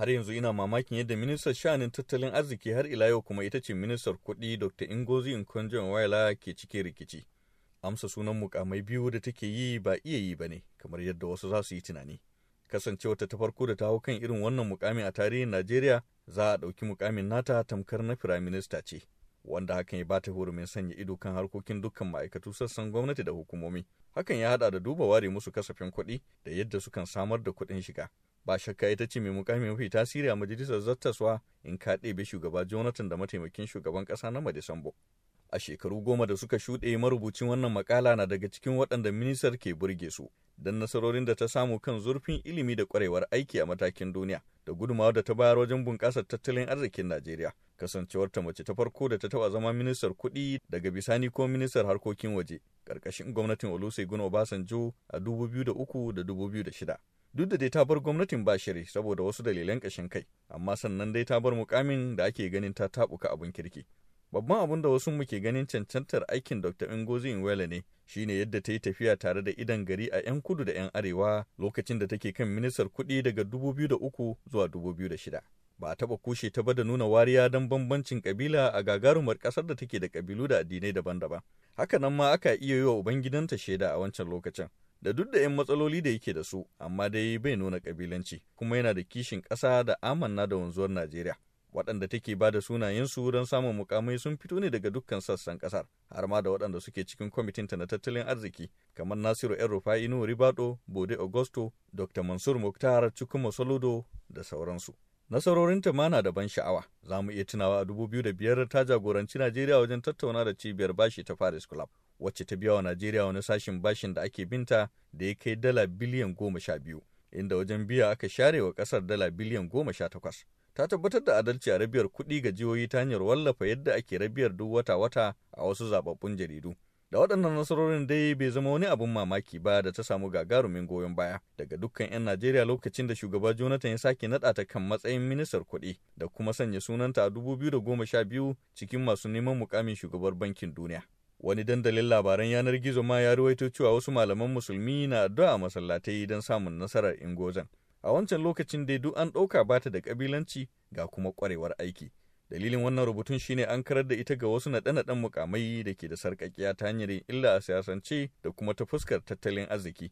har yanzu ina mamakin yadda ministan sha'anin tattalin arziki har ila yau kuma ita ce ministar kuɗi dr ingozi nkonjon waila ke cikin rikici amsa sunan mukamai biyu da take yi ba iya yi ba ne kamar yadda wasu za su yi tunani kasancewa ta farko da ta hau kan irin wannan mukamin a tarihin najeriya za a ɗauki mukamin nata tamkar na firaminista ce wanda hakan ya bata hurumin sanya ido kan harkokin dukkan ma'aikatu sassan gwamnati da hukumomi hakan ya hada da duba ware musu kasafin kuɗi da yadda sukan samar da kuɗin shiga ba shakka ita ce mai mukami mafi tasiri a majalisar zattaswa in ka ɗebe shugaba jonathan da mataimakin shugaban ƙasa na madisambo a shekaru goma da suka shuɗe marubucin wannan makala na daga cikin waɗanda ministar ke burge su don nasarorin da ta samu kan zurfin ilimi da ƙwarewar aiki a matakin duniya da gudunmawar da ta bayar wajen bunƙasar tattalin arzikin najeriya kasancewar ta mace ta farko da ta taɓa zama ministar kuɗi daga bisani ko ministar harkokin waje ƙarƙashin gwamnatin olusegun obasanjo a 2003 da 2006 duk da dai ta bar gwamnatin ba saboda wasu dalilan ƙashin kai amma sannan dai ta bar mukamin da ake ganin ta taɓuka abun kirki babban abun da wasu muke ganin cancantar aikin dr ngozi inwela ne shine yadda ta yi tafiya tare da idan gari a 'yan kudu da 'yan arewa lokacin da take kan ministar kuɗi daga dubu biyu da uku zuwa dubu biyu da shida. ba a taɓa kushe ta ba da nuna wariya don bambancin kabila a gagarumar ƙasar da take da kabilu da addinai daban-daban haka nan ma aka iya yi wa ubangidanta shaida a wancan lokacin da duk da 'yan matsaloli da yake da su amma dai bai nuna kabilanci kuma yana da kishin ƙasa da amanna da wanzuwar Najeriya. Waɗanda take ba da sunayensu don samun mukamai sun fito ne daga dukkan sassan ƙasar, har ma da waɗanda suke cikin kwamitin ta na tattalin arziki, kamar Nasiru ‘yan Rufai inu Ribado, Bode Augusto, Dr. Mansur Muktar cikin masaludo da sauransu. Nasarorinta ma na da ban sha'awa, za mu iya tunawa a dubu biyu da biyar ta jagoranci Najeriya wajen tattauna da cibiyar bashi ta Paris Club. wacce ta biya wa Najeriya wani sashin bashin da ake binta da ya kai dala biliyan goma sha biyu, inda wajen biya aka share wa ƙasar dala biliyan goma sha takwas. Ta tabbatar da adalci a rabiyar kuɗi ga jihohi ta hanyar wallafa yadda ake rabiyar duk wata-wata a wasu zababbun jaridu. Da waɗannan nasarorin dai bai zama wani abin mamaki ba da ta samu gagarumin goyon baya daga dukkan 'yan Najeriya lokacin da shugaba Jonathan ya sake naɗa ta kan matsayin ministar kuɗi da kuma sanya sunanta a 2012 cikin masu neman mukamin shugabar bankin duniya. Wani dandalin labaran yanar gizo ma ya ruwaito cewa wasu malaman musulmi na addu'a masallatai don samun nasarar ingozan. A wancan lokacin dai duk an ɗauka bata da ƙabilanci ga kuma ƙwarewar aiki. Dalilin wannan rubutun shine an karar da ita ga wasu naɗe-naɗen mukamai da ke da sarƙaƙiya ta hanyar illa a siyasance da kuma ta fuskar tattalin arziki.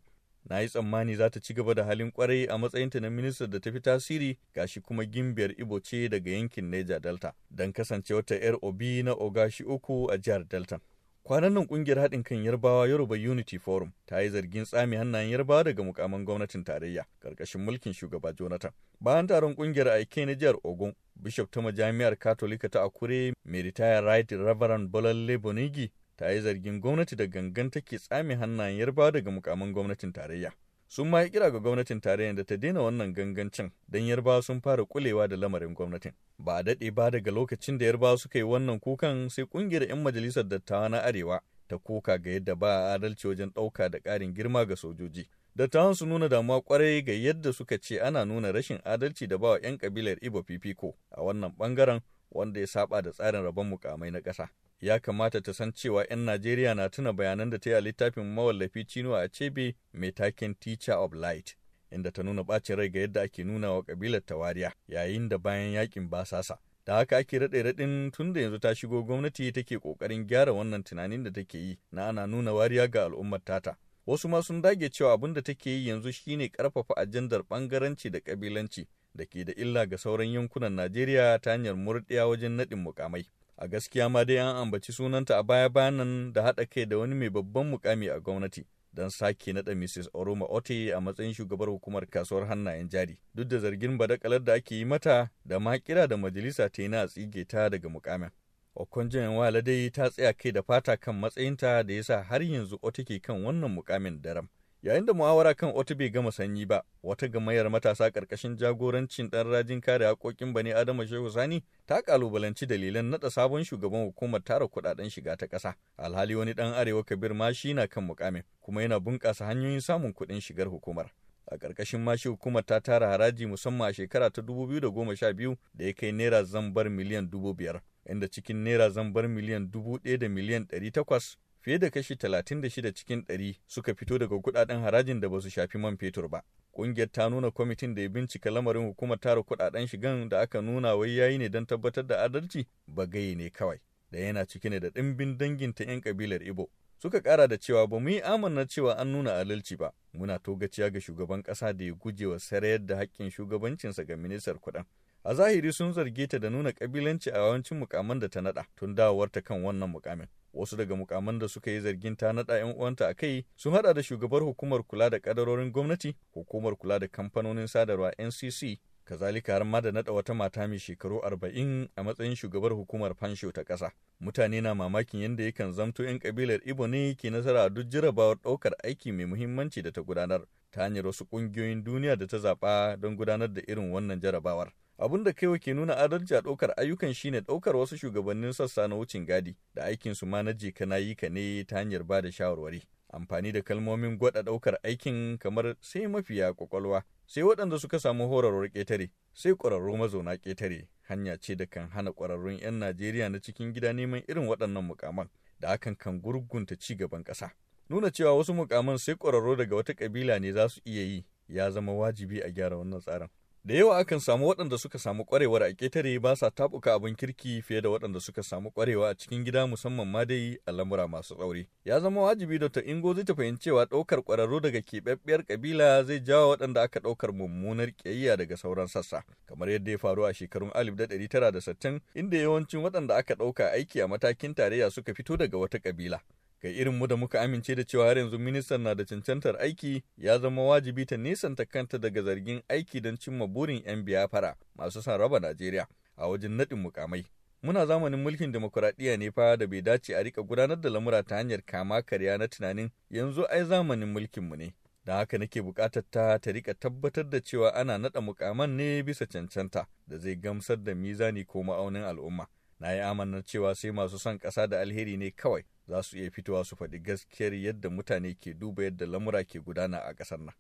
Na yi tsammani za ta ci gaba da halin kwarai a matsayinta na minista da ta fi tasiri gashi kuma gimbiyar Ibo ce daga yankin Niger Delta don kasancewa ta 'yar Obi na Ogashi uku a jihar Delta. Kwanan nan kungiyar haɗin kan Yarbawa Yoruba Unity Forum ta yi zargin tsami hannayen Yarbawa daga mukaman gwamnatin tarayya ƙarƙashin mulkin shugaba Jonathan. Bayan taron kungiyar aike na jihar Ogun, Bishop ta majami'ar Katolika ta Akure, mai ritaya Right Reverend Bolalle Bonigi ta yi zargin gwamnati da gangan take tsami hannayen Yarbawa daga mukaman gwamnatin tarayya. sun ma yi kira ga gwamnatin tarayyar da ta daina wannan gangancin don yarbawa sun fara kulewa da lamarin gwamnatin ba a daɗe ba daga lokacin da yarbawa suka yi wannan kukan sai kungiyar 'yan majalisar dattawa na arewa ta koka ga yadda ba a adalci wajen ɗauka da ƙarin girma ga sojoji dattawan su nuna damuwa kwarai ga yadda suka ce ana nuna rashin adalci da ba wa 'yan kabilar ibo fifiko a wannan bangaren wanda ya saba da tsarin rabon mukamai na ƙasa ya kamata ta san cewa 'yan Najeriya na tuna bayanan da ta yi a littafin mawallafi a Achebe mai taken Teacher of Light, inda ta nuna ɓacin rai ga yadda ake nuna wa ƙabilar wariya, yayin da bayan yakin basasa. Da haka ake raɗe raɗin tun da yanzu ta shigo gwamnati take ƙoƙarin gyara wannan tunanin da take yi na ana nuna wariya ga al'ummar tata. Wasu ma sun dage cewa abin da take yi yanzu shine ƙarfafa ajandar ɓangaranci da ƙabilanci da ke da illa ga sauran yankunan Najeriya ta hanyar murɗiya wajen naɗin mukamai. a gaskiya ma dai an ambaci sunanta a baya bayanan da haɗa kai da wani mai babban mukami a gwamnati don sake naɗa Mrs. Oroma Ote a matsayin shugabar hukumar kasuwar hannayen jari duk da zargin badakalar da ake yi mata da ma kira da majalisa ta yi na tsige ta daga mukamin. Okonjo wala dai ta tsaya kai da fata kan matsayinta da yasa har yanzu Ote ke kan wannan mukamin daram. Yayin da muhawara kan wata bai gama sanyi ba, wata gamayyar matasa ƙarƙashin jagorancin ɗan rajin kare haƙoƙin Bani Adama Shehu Sani ta ƙalubalanci dalilan naɗa sabon shugaban hukumar tara kuɗaɗen shiga ta ƙasa. Alhali wani ɗan arewa Kabir ma shi na kan mukamin, kuma yana bunƙasa hanyoyin samun kuɗin shigar hukumar. a ƙarƙashin mashi hukumar ta tara haraji musamman a shekara ta biyu da ya kai naira zambar miliyan dubu biyar inda cikin naira zambar miliyan dubu ɗaya da miliyan ɗari takwas fiye da kashi 36 cikin 100 suka fito daga kudaden harajin da ba su shafi man fetur ba. Ƙungiyar ta nuna kwamitin da ya bincika lamarin hukumar tara kudaden shigan da aka nuna wai yayi ne don tabbatar da adalci Ba bagaye ne kawai, da yana ciki ne da ɗimbin dangin ta 'yan kabilar Ibo. Suka ƙara da cewa ba mu yi amanna cewa an nuna adalci ba, muna togaciya ga shugaban ƙasa da ya guje wa sarayar da haƙƙin shugabancinsa ga ministar kuɗin. a zahiri sun zarge ta da nuna kabilanci a yawancin mukaman da ta nada tun dawowarta kan wannan mukamin wasu daga mukaman da suka yi zargin ta naɗa 'yan uwanta a kai sun haɗa da shugabar hukumar kula da kadarorin gwamnati hukumar kula da kamfanonin sadarwa ncc kazalika har ma da naɗa wata mata mai shekaru arba'in a matsayin shugabar hukumar fansho ta ƙasa mutane na mamakin yadda yakan zamto 'yan kabilar ibo ne ke nasara a duk jarabawar ɗaukar aiki mai muhimmanci da ta gudanar ta hanyar wasu ƙungiyoyin duniya da ta zaɓa don gudanar da irin wannan jarabawar abin da kaiwa ke nuna adalci a ɗaukar ayyukan shine ɗaukar wasu shugabannin sassa na wucin gadi da aikin su ma na je na yi ka ne ta hanyar ba da shawarwari amfani da kalmomin gwada ɗaukar aikin kamar sai mafiya ƙwaƙwalwa. sai waɗanda suka samu horarwar ƙetare sai ƙwararru mazauna ƙetare hanya ce da kan hana ƙwararrun 'yan najeriya na cikin gida neman irin waɗannan mukaman da hakan kan gurgunta ci gaban ƙasa nuna cewa wasu mukaman sai ƙwararru daga wata ƙabila ne za su iya yi ya zama wajibi a gyara wannan tsarin Da yawa akan samu waɗanda suka samu ƙwarewa a ƙetare ba sa taɓuka abin kirki fiye da waɗanda suka samu ƙwarewa a cikin gida musamman ma dai a lamura masu tsauri. Ya zama wajibi Dr. Ingo zai ta cewa ɗaukar ƙwararru daga keɓaɓɓiyar ƙabila zai jawo waɗanda aka ɗaukar mummunar ƙiyayya daga sauran sassa. Kamar yadda ya faru a shekarun 1960 inda yawancin waɗanda aka ɗauka aiki a matakin tarayya suka fito daga wata ƙabila. Ga irin mu da muka amince da cewa har yanzu ministan na da cancantar aiki ya zama wajibi ta nisanta kanta daga zargin aiki don cimma burin 'yan biyafara masu son raba Najeriya a wajen naɗin mukamai. Muna zamanin mulkin demokuraɗiyya ne fa da bai dace a rika gudanar da lamura ta hanyar kama karya na tunanin yanzu ai zamanin mulkinmu ne. da haka nake bukatar ta ta rika tabbatar da cewa ana naɗa mukaman ne bisa cancanta da zai gamsar da mizani ko ma'aunin al'umma na yi amanar cewa sai masu son ƙasa da alheri ne kawai za su iya fitowa su faɗi gaskiyar yadda mutane ke duba yadda lamura ke gudana a ƙasar nan.